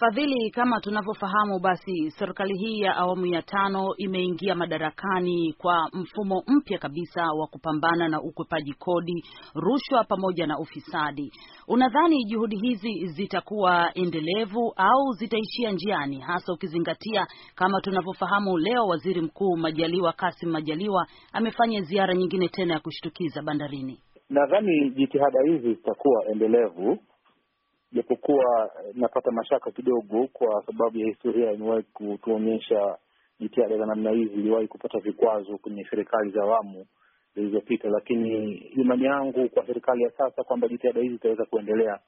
Fadhili, kama tunavyofahamu, basi serikali hii ya awamu ya tano imeingia madarakani kwa mfumo mpya kabisa wa kupambana na ukwepaji kodi, rushwa pamoja na ufisadi. Unadhani juhudi hizi zitakuwa endelevu au zitaishia njiani, hasa ukizingatia kama tunavyofahamu, leo Waziri Mkuu Majaliwa Kasim Majaliwa amefanya ziara nyingine tena ya kushtukiza bandarini? Nadhani jitihada hizi zitakuwa endelevu japokuwa eh, napata mashaka kidogo, kwa sababu ya historia imewahi kutuonyesha jitihada za namna hizi iliwahi kupata vikwazo kwenye serikali za awamu zilizopita, lakini imani yangu kwa serikali ya sasa kwamba jitihada hizi zitaweza kuendelea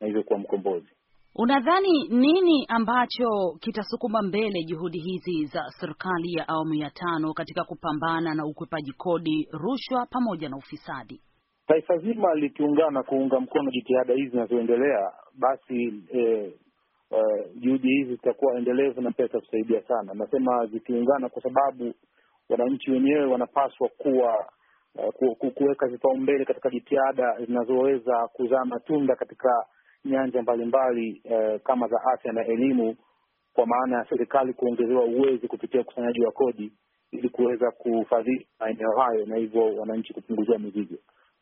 na hivyo kuwa mkombozi. Unadhani nini ambacho kitasukuma mbele juhudi hizi za serikali ya awamu ya tano katika kupambana na ukwepaji kodi, rushwa pamoja na ufisadi? Taifa zima likiungana kuunga mkono jitihada hizi zinazoendelea, basi eh, uh, juhudi hizi zitakuwa endelevu na pia zitatusaidia sana. Nasema zikiungana, kwa sababu wananchi wenyewe wanapaswa kuwa uh, kuweka vipaumbele katika jitihada zinazoweza kuzaa matunda katika nyanja mbalimbali eh, kama za afya na elimu, kwa maana ya serikali kuongezewa uwezo kupitia ukusanyaji wa kodi ili kuweza kufadhili maeneo hayo na hivyo wananchi kupunguziwa mizigo.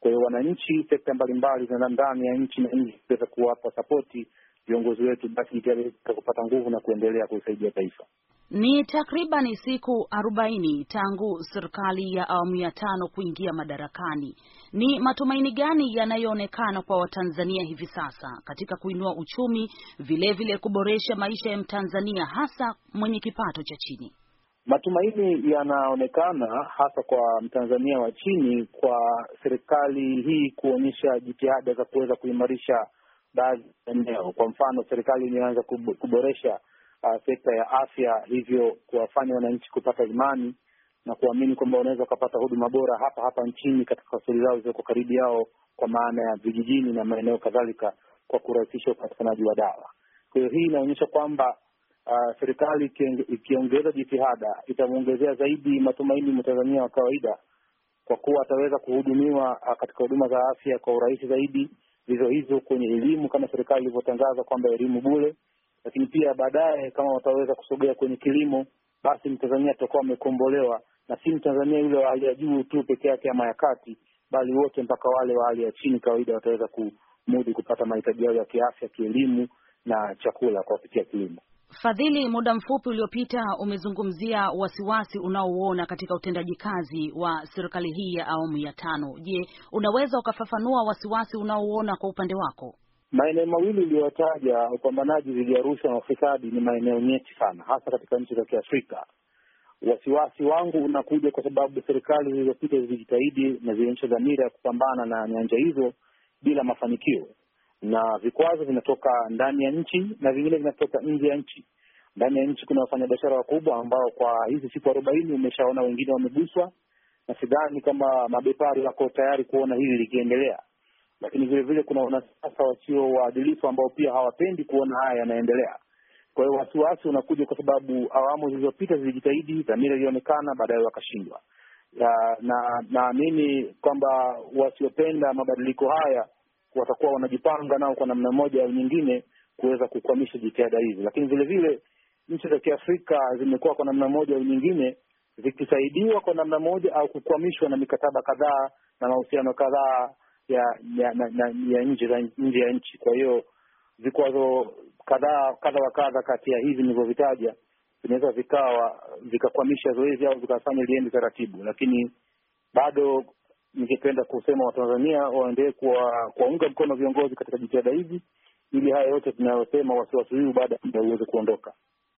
Kwa hiyo wananchi, sekta mbalimbali za ndani ya nchi na nje kuweza kuwapa sapoti viongozi wetu, basi jitihada kupata nguvu na kuendelea kuisaidia taifa. Ni takriban siku arobaini tangu serikali ya awamu ya tano kuingia madarakani. Ni matumaini gani yanayoonekana kwa Watanzania hivi sasa katika kuinua uchumi, vilevile vile kuboresha maisha ya Mtanzania hasa mwenye kipato cha chini? Matumaini yanaonekana hasa kwa Mtanzania wa chini kwa serikali hii kuonyesha jitihada za kuweza kuimarisha baadhi ya eneo. Kwa mfano, serikali imeanza kuboresha uh, sekta ya afya, hivyo kuwafanya wananchi kupata imani na kuamini kwamba wanaweza wakapata huduma bora hapa hapa nchini katika hospitali zao zilizoko karibu yao, kwa maana ya vijijini na maeneo kadhalika, kwa kurahisisha upatikanaji wa dawa. Kwa hiyo hii inaonyesha kwamba uh, serikali ikiongeza jitihada itamwongezea zaidi matumaini Mtanzania wa kawaida, kwa kuwa ataweza kuhudumiwa uh, katika huduma za afya kwa urahisi zaidi, hizo hizo kwenye elimu kama serikali ilivyotangaza kwamba elimu bule lakini pia baadaye kama wataweza kusogea kwenye kilimo, basi Mtanzania atakuwa amekombolewa na si Mtanzania yule wa hali ya juu tu peke yake ama ya kati, bali wote mpaka wale wa hali ya chini kawaida wataweza kumudi kupata mahitaji yao ya kiafya, kielimu na chakula kwa kupitia kilimo. Fadhili, muda mfupi uliopita umezungumzia wasiwasi unaouona katika utendaji kazi wa serikali hii ya awamu ya tano. Je, unaweza ukafafanua wasiwasi unaouona kwa upande wako? Maeneo mawili uliyotaja, upambanaji dhidi ya rushwa na ufisadi, ni maeneo nyeti sana, hasa katika nchi za Kiafrika. Wasiwasi wangu unakuja kwa sababu serikali zilizopita zilijitahidi na zilionyesha dhamira ya kupambana na nyanja hizo bila mafanikio na vikwazo vinatoka ndani ya nchi na vingine vinatoka nje ya nchi. Ndani ya nchi kuna wafanyabiashara wakubwa ambao kwa hizi siku arobaini umeshaona wengine wameguswa, na sidhani kama mabepari wako tayari kuona hili likiendelea. Lakini vile vile kuna wanasiasa wasio waadilifu ambao pia hawapendi kuona haya yanaendelea. Kwa hiyo wasiwasi unakuja kwa sababu awamu zilizopita zilijitahidi, dhamira ilionekana, baadaye wakashindwa. Na kwamba wasiopenda mabadiliko haya watakuwa wanajipanga nao kwa namna moja au nyingine kuweza kukwamisha jitihada hizi, lakini vile vile nchi za Kiafrika zimekuwa kwa namna moja au nyingine zikisaidiwa kwa namna moja au kukwamishwa na mikataba kadhaa na mahusiano kadhaa ya ya, na, ya nje za nje ya nchi. Kwa hiyo vikwazo kadhaa kadha wa kadha kati ya hizi nilivyovitaja vinaweza vikawa vikakwamisha zoezi au vikafanya liende taratibu, lakini bado ningependa kusema Watanzania waendelee kuwaunga mkono viongozi katika jitihada hizi, ili haya yote tunayosema, wasiwasi huyu baada ya uweze kuondoka.